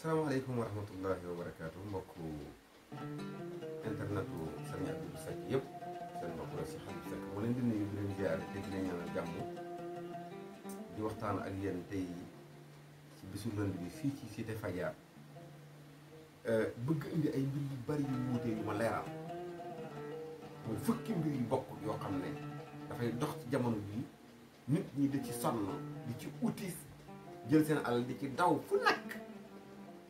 Assalamualaikum warahmatullahi wabarakatuh Maku internetu sëriñ Abdou Seck yëpp seen mbokk la Cheikh Abdou dini mu leen di nuyu di leen di waxtaan ak yéen tey ci di lënd bi fii ci cité indi ay mbir bari yu wuute fukki dafay dox ci jamono bi nit ñi ci sonn di ci utis jël seen alal di ci daw fu nekk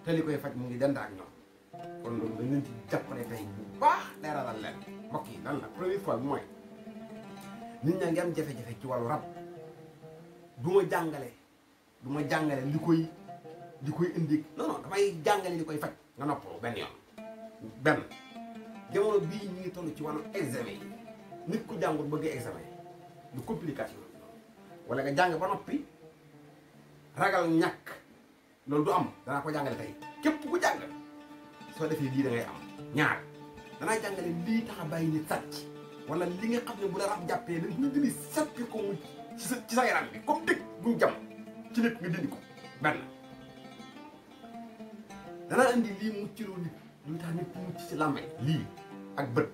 te li koy faj mu ngi dend ak ñoom kon loolu dañ leen ci jàppale tey bu baax leeralal leen mbokk yi lan la première mooy nit ñaa ngi am jafe ci wàllu rab du ma jàngale du ma jàngale li koy li koy indi non non damay koy faj nga noppoo benn yoon benn jamono bii ñu ngi toll ci wàllu examen yi ku jàngut bëgg examen du complication wala nga jàng ba noppi ragal ñàkk loolu du am danaa ko jangale tay kep ku jang so defé li da ngay am ñaar danaa jàngale lii tax a bàyyi nit sàcc wala li nga xamne bu la rab jappé la ñu dindi sappi ko mu ci sa ci sa yaram bi comme dëkk bu jam ci nit nga dindi ko ben andi li mu ci mucciloo nit lu tax nit mu ci làmmeñ li ak bët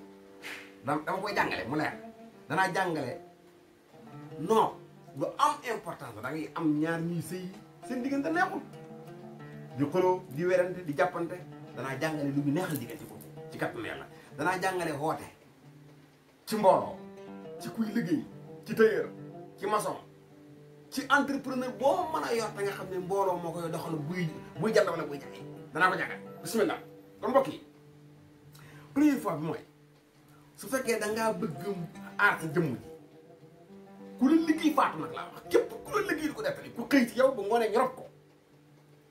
dama koy jangale mu leer danaa jangale non lu am importance da ngay am ñaar ñi sey seen digënté neexul di xuloo di werante di jappante dana jangale lu ñu neexal digati ko ci kattanu yàlla dana jangale hoté ci mbolo ci kuy liggéey ci tailleur ci maçon ci entrepreneur bo meuna yor te nga xamné ne moko yo doxal buy buy jàll wala buy jaay dana ko jàngal bismillah kon mbokki yi première fois bi mooy su da nga bëgg art jëm jëmm ji ku la liggéey fatou nak la wax képp ku la liggéey ko deftali ku xey ci yow bu ngone ñorop ko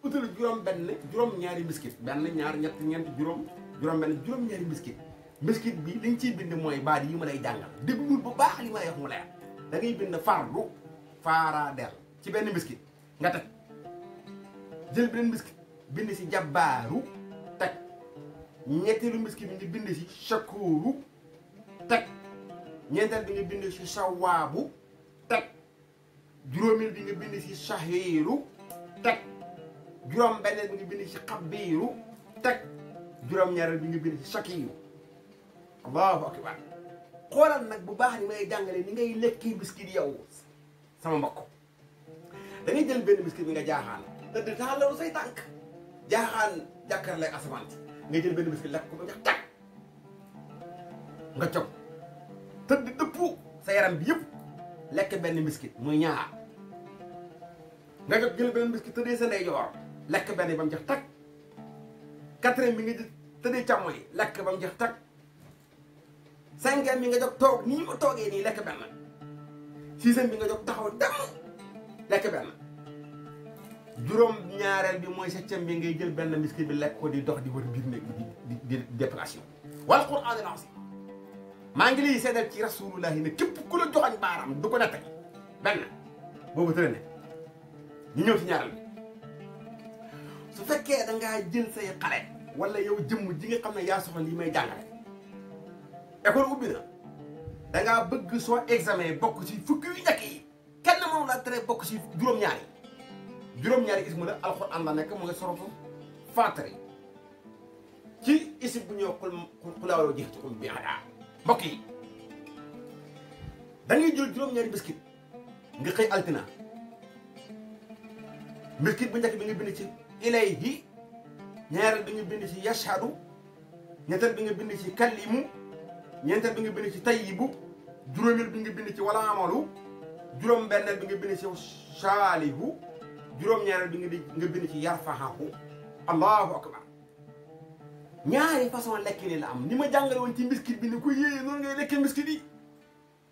utal juróom benn juróom ñaari mbiskit benn ñaar ñett ñeent juróom juróom benn juróom ñaari mbiskit mbiskit bi liñ ciy bind mooy baat yi ma lay jàngal déglul bu baax li ma lay wax mu leer da ngay bind fardu faara ci benn mbiskit nga teg jël beneen mbiskit bind si jabbaaru teg ñetteelu mbiskit bi nga bind si shakuuru teg ñeenteel bi nga bind si sawaabu teg juróomeel bi nga bind si shahiiru teg juram benen bi ngi bind ci khabiru tek juram ñaareel bi ngi bind ci shakiiru allahu akbar xolal nak bu baax ni may jangale ni ngay lekki biscuit yow sama mbokk da ngay jël benn biscuit bi nga jaaxaan ta taalalu say tank jaaxaan jakkar lay asamaan ngay jël benn biscuit lek ko ba tak nga nga te tëdd depp sa yaram bi yëpp lek benn biscuit muy ñaar nga jël benn te tëddee sa jor lekk benn yi ba mu jeex tag quatrième bi nga tëddee càmmo yi lekk ba mu jeex tag cinquième bi nga jóg toog nii ma toogee nii lekk benn sixième bi nga jóg taxaw dem lekk benn juróom ñaareel bi mooy septième bi ngay jël benn miski bi lekk ko di dox di wër biir néeg di di déplacé wal quraan al aziim maa ngi lay seedal ci rasulullahi ne képp ku la joxoñ baaram du ko natt benn boobu tëra ne ñu ñëw ñaareel su fekkee da ngaa jël say xale wala yow jëmm ji nga xam ne yaa soxla yi may jàngale école ubbi na da ngaa bëgg soo examen bokk ci fukki yu kenn moom la tere bokk ci juróom-ñaari juróom-ñaari ismu la alxuraan la nekk mu nga sorofu faatari ci isib bu ñëw xul xulaawloo jeextu xul bi ah mbokk yi da ngay jël juróom-ñaari biscuit nga xëy altina biscuit bu njëkk bi nga bind ci ilayhi ñaareel bi nga bind ci yashhadu ñetteel bi nga bind ci kallimu ñeenteel bi nga bind ci tayyibu juróomeel bi nga bind ci wala amalu juróom benneel bi nga bind ci saalihu juróom-ñaareel bi nga bind ci yarfahahu allahu akbar ñaari façon lekk ni la am ni ma jàngale woon ci mbiskit bi ni ko yéeye noonu ngay lekkee mbiskit yi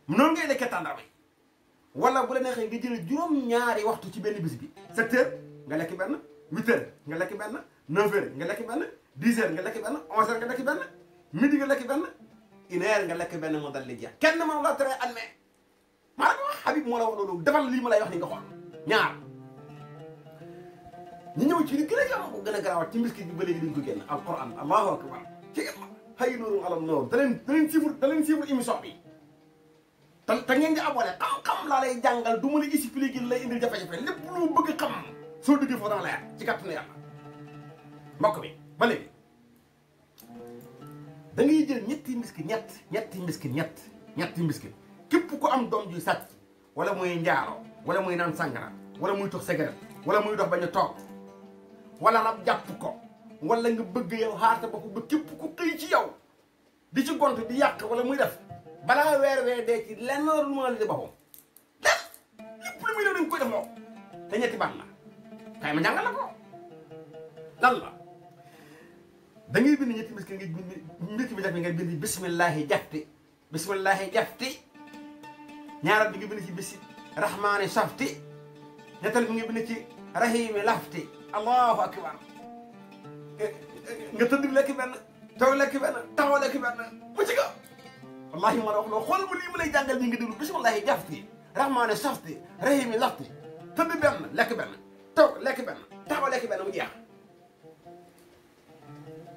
noonu ngay lekkee tàndarma yi bu la neexee nga jël juróom-ñaari waxtu ci benn bis bi sept heures nga lekk benn huit heures nga lekk benn neuf heures nga lekk benn dix heures nga lekk benn onze heures nga lekk benn midi nga lekk benn une heure nga lekk benn moo dal di jeex kenn mënu la tere adme maa la ko wax Habib moo la wax loolu defal lii ma lay wax ni nga xool ñaar ñu ñëw ci li gën a yomb ko gën a garaawat ci miskit bi ba léegi duñ ko génn alquran allahu akbar ci yàlla xëy nooru alam nooru da leen da leen suivre da leen suivre émission bi te te ngeen di abonné xam-xam laa lay jàngal du ma la expliquer lay indil jafe-jafe lépp lu bëgg xam soo duggee foofu dana la yàq ci kàttanu yàlla mbokk bi ba léegi da ngay jël ñetti mbiskit ñett ñetti mbiskit ñett ñetti mbiskit képp ku am doom juy sat wala muy njaaro wala muy naan sàngara wala muy tox sigaret wala muy dox bañ a toog wala nag jàpp ko wala nga bëgg yow xaarte ba ko ba képp ko xëy ci yow di ci gont di yàq wala muy def balaa weer weer dee ci lenn lu ma di boppam lépp lépp lu muy def dañ koy def moom te ñetti baat time jàng na ko lan la da ngay bind ñetti bis nga bind ñetti bis nga bind bismillahi jafti bismillahi jafti ñaaral bi nga bind ci bisi rahmaani safti ñettal bi nga bind ci rahimi lafti allahu akbar nga tëdd lekk benn toog lekk benn taxaw lekk benn bu ci ko wallahi ma la wax loo xool bu lii mu lay jàngal ñi nga déglu bismillahi jafti rahmaani safti rahimi lafti tëdd benn lekk benn taw lekk benn taxaw lekk benn mu jeex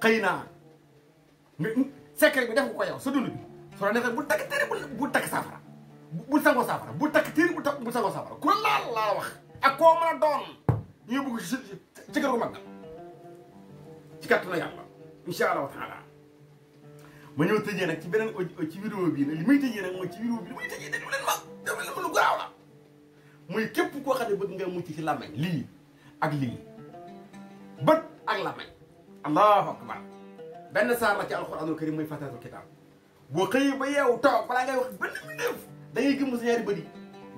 xëy naa secret bi def ko yow sa dund bi su la neexee bu takk téere bu takk saafara bu sangoo saafara bu takk téere bu takk bu sangoo saafara ku laal laa wax ak koo mën doon ñu bugg ci ci kër gu mag ci kàttu na yàlla incha allahu taala ma ci beneen ci bii nag li may tëjee nag ci vidéo bi li may tëjee déglu ma déglu leen ma lu muy képp koo xam ne bëgg nga mucc ci làmmiñ lii ak lii bët ak làmmiñ allahu akbar benn saar la ci alxuraanul karim muy fatatul kitaab boo xëyee ba yeewu toog balaa ngay wax benn mbindeef da ngay gëm sa ñaari bët yi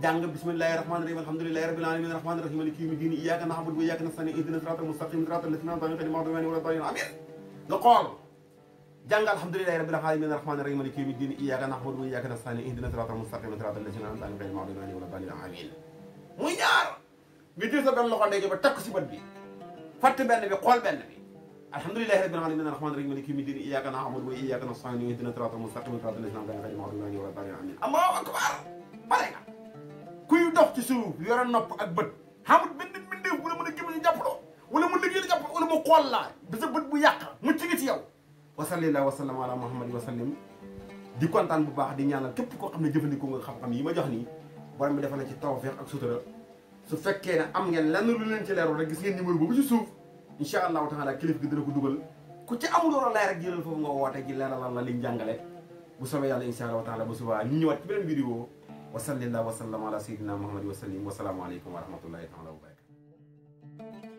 jàng bismillahi rahmani rahim alhamdulillahi rabbil alamin rahmani rahim maliki yawmi diin iyyaka na'budu wa iyyaka nasta'in ihdina siratal mustaqim siratal lazina an'amta alayhim ghayril maghdubi alayhim waladdallin amiin nga xool jàng alhamdulillahi rabbil alamin rahmani rahim maliki yawmi diin iyyaka na'budu wa iyyaka nasta'in ihdina siratal mustaqim siratal lazina an'amta alayhim ghayril maghdubi alayhim waladdallin amiin muy ñaar nga jël sa benn loxo ndeyjo ba takk si bët bi fatt benn bi xool benn bi alhamdulillahi rabbil alamin arrahmani rahim maliki yawmi din iyyaka na'budu wa iyyaka nasta'in ihdina siratal mustaqim siratal lazina an'amta alayhim ghayril maghdubi alayhim waladdallin allahu akbar pare nga kuy dox ci suuf yore nopp ak bët xamut benn mbindeef bu la mën a gëm ñu jàppaloo wala mu liggéey jàpp wala mu xool laa ba sa bët bu yàq mucc ngi ci yow wa sallallahu wa sallam ala muhammadin wa sallim di kontaan bu baax di ñaanal képp koo xam ne jëfandikoo nga xam-xam yi ma jox nii borom bi defal na ci tawfeex ak sutura su fekkee ne am ngeen lenn lu leen ci leerul rek gis ngeen numéro boobu ci suuf incha allahu taala kilif gi dina ko dugal ku ci amul woon laay rek jëlal foofu nga woote ji leeralal la liñ jàngale bu soobee yàlla incha allahu taala bu subaa ñu ñëwaat ci beneen vidéo wa sallallahu wa sallam ala sayyidina muhammad wa sallim wa salaamu aleykum